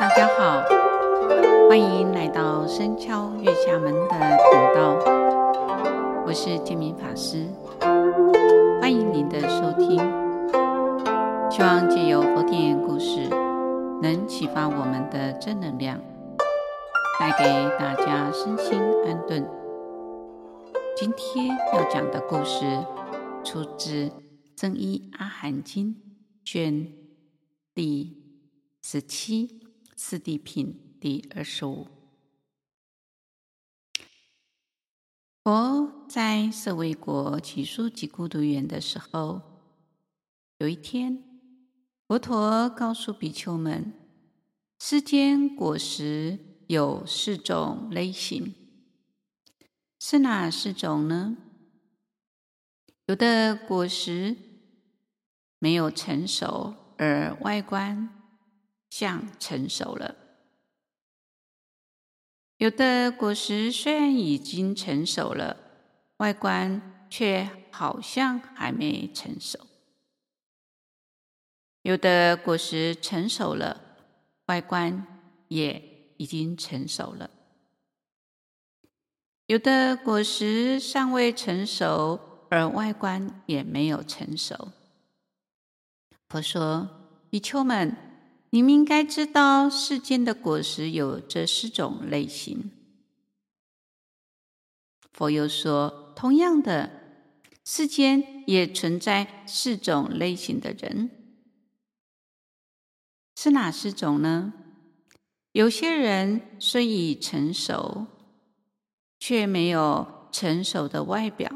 大家好，歡迎來到僧敲月下門的頻道，我是建明法師，歡迎您的收聽。希望借由佛典故事，能啟發我們的正能量，帶給大家身心安頓。今天要講的故事，出自《增壹阿含經》卷第十七。四諦品第二十五。佛在舍衛國祇樹給孤獨園的時候，有一天，佛陀告訴比丘們：世間果實有四種類型，是哪四種呢？有的果實沒有成熟而外觀。像成熟了，有的果實雖然已經成熟了，外觀卻好像還沒成熟；有的果實成熟了，外觀也已經成熟了；有的果實尚未成熟，而外觀也沒有成熟。佛說：“比丘們。”你們應該知道世間的果實有這四種類型。佛又說，同樣的，世間也存在四種類型的人，是哪四種呢？有些人雖已成熟，卻沒有成熟的外表；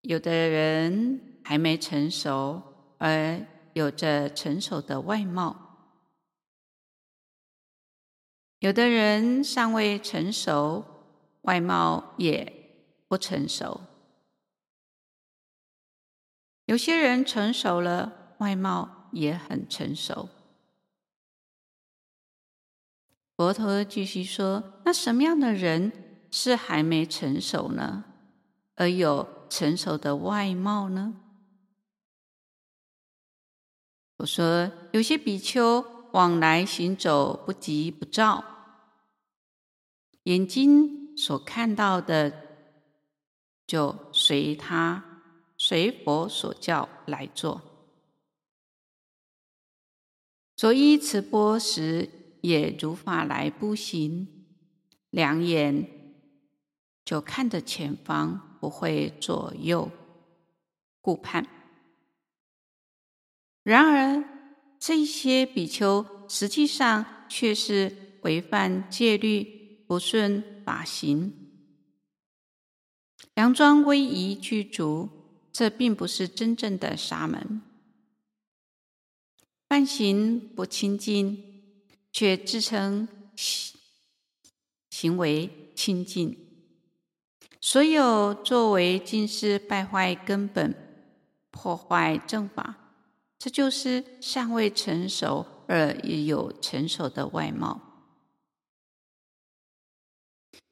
有的人還沒成熟而。有着成熟的外貌，有的人尚未成熟，外貌也不成熟；有些人成熟了，外貌也很成熟。佛陀繼續說：“那什麼樣的人是還沒成熟呢，而有成熟的外貌呢？”我說，有些比丘往來行走不急不躁，眼睛所看到的就隨他隨佛所教來做。着衣持缽時也如法來步行，兩眼就看着前方，不會左右顧盼。然而，這些比丘實際上卻是違犯戒律、不順法行，佯裝威儀具足，這並不是真正的沙門。梵行不清淨，卻自稱行，行為清淨，所有作為盡是敗壞根本，破壞正法。這就是尚未成熟，而也有成熟的外貌。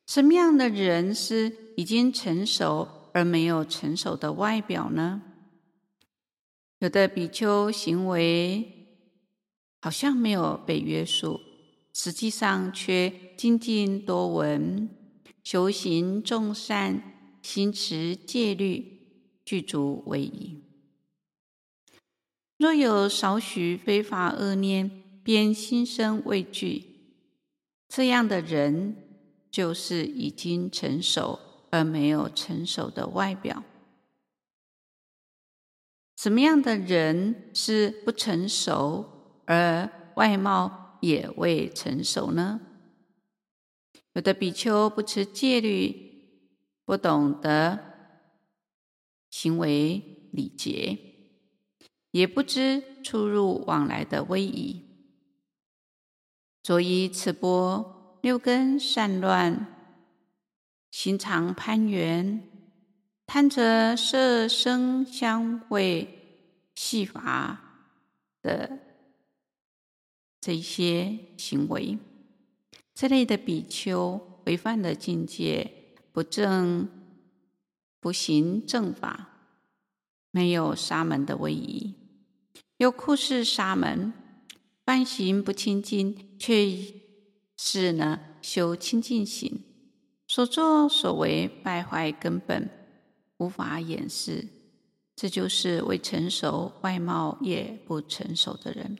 什麼樣的人是已經成熟，而沒有成熟的外表呢？有的比丘行為好像沒有被約束，實際上卻精進多聞、修行眾善、心持戒律，具足威儀。若有少許非法惡念，便心生畏懼。這樣的人就是已經成熟而沒有成熟的外表。什麼樣的人是不成熟而外貌也未成熟呢？有的比丘不持戒律，不懂得行為禮節。也不知出入往來的威儀，著衣持缽六根散亂，心常攀緣，貪着色聲香味細滑法的這些行為，這類的比丘違犯的禁戒，不正不行正法，沒有沙門的威儀。有酷似沙門，梵行不清淨，卻是呢修清淨行，所作所為敗壞根本，無法掩飾。這就是未成熟，外貌也不成熟的人。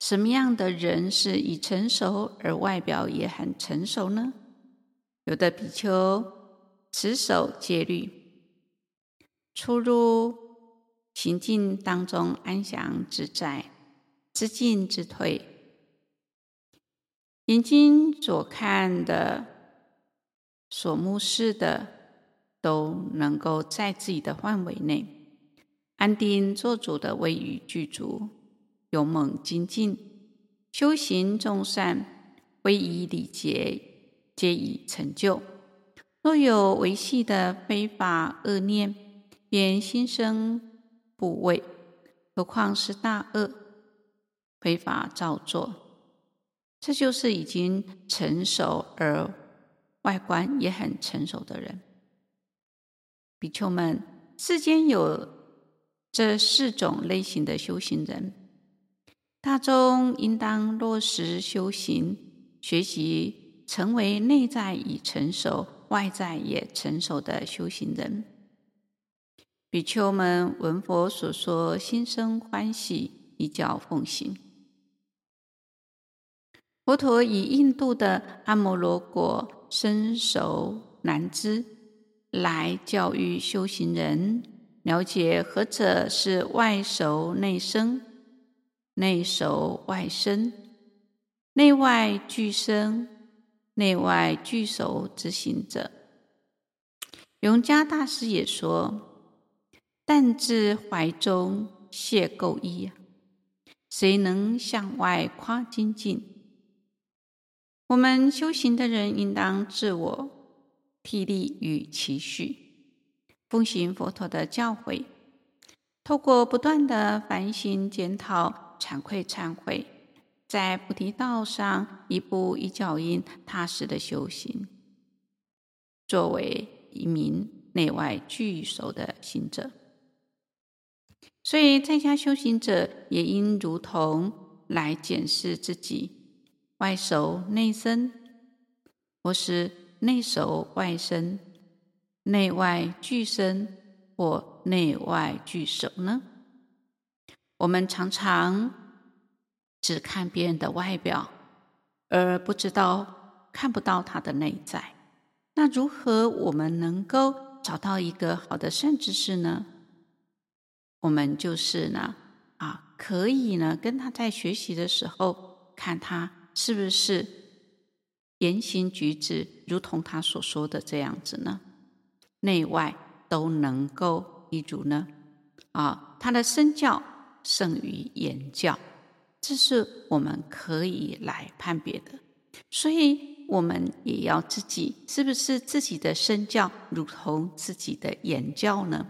什麼樣的人是已成熟而外表也很成熟呢？有的比丘持守戒律，出入。行進當中安詳自在，知進知退，眼睛所看的、所目視的，都能夠在自己的範圍內，安定做主的威儀具足，勇猛精進，修行眾善，威儀禮節皆已成就。若有微細的非法惡念，便心生。怖畏，何況是大惡非法造作，這就是已經成熟而外觀也很成熟的人。比丘們，世間有這四種類型的修行人，大眾應當落實修行，學習成為內在已成熟、外在也成熟的修行人。比丘們聞佛所說，心生歡喜，依教奉行。佛陀以印度的庵摩羅果生熟難知，來教喻修行人，了解何者是外熟內生、內熟外生、內外俱生、內外俱熟之行者。永嘉大師也說，但自懷中解垢衣，誰能向外誇精進？我們修行的人應當自我惕勵與期許，奉行佛陀的教誨，透過不斷的反省、檢討、慚愧、懺悔，在菩提道上一步一腳印踏實的修行，作為一名內外俱熟的行者。所以，在家修行者也應如同來檢視自己，外熟內生，或是內熟外生，內外俱生，或內外俱熟呢？我們常常只看別人的外表，而不知道看不到他的內在。那如何我們能夠找到一個好的善知識呢？我們就是呢，啊，可以呢，跟他在學習的時候，看他是不是言行舉止如同他所說的這樣子呢？內外都能夠一如呢？啊，他的身教勝於言教，這是我們可以來判別的。所以，我們也要自己是不是自己的身教如同自己的言教呢？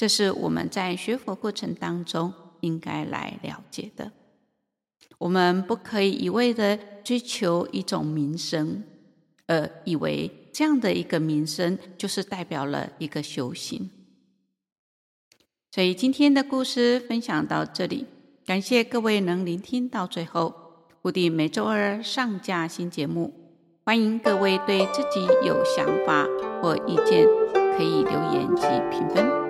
這是我們在學佛過程當中應該來了解的。我們不可以一味的追求一種名聲，而以為這樣的一個名聲就是代表了一個修行。所以今天的故事分享到這裡，感謝各位能聆聽到最後。固定每週二上架新節目，歡迎各位對自己有想法或意見，可以留言及評分。